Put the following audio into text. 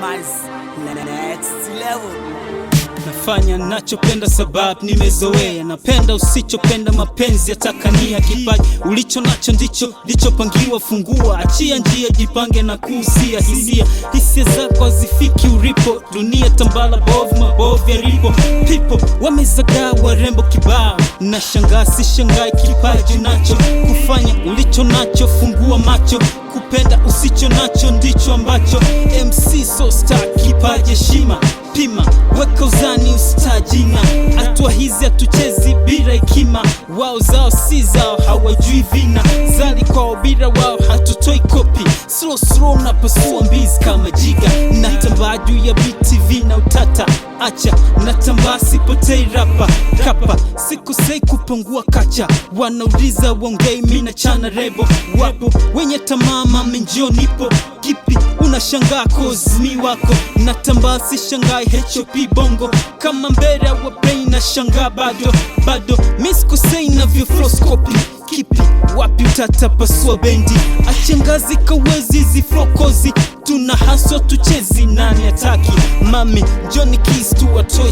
next level nafanya nachopenda sababu nimezoea, napenda usichopenda, mapenzi yatakania, kipaji ulicho nacho ndicho ndichopangiwa, fungua, achia njia, jipange na kuusia hisia, hisia zako hazifiki ulipo, dunia tambala bovu, mabovu yalipo, pipo wamezagaa warembo kibao, na shangaa si shangae kipaji nacho kufanya ulicho nacho, fungua macho, kupenda usicho nacho ndicho ambacho so star kipaje shima pima weka uzani ustajina hatua hizi hatuchezi bila hekima wao zao si zao hawajui vina zali kwa bila wao hatutoi kopi slow slow napasua mbizi kama jiga natambaa juu ya viti vina utata acha natambaa sipotei rapa kapa sikosei kupungua kacha wanauliza wongei mina chana rebo wapo wenye tamama menjio nipo kipi cause kozmi wako natambaa si shangai hop bongo kama mbera wa brain na shangaa bado bado miskosei na vyofroskopi kipi wapi utatapasua bendi achangazi kawezi zifokozi tuna haswa tuchezi nani ataki mami joni kis tuwatoe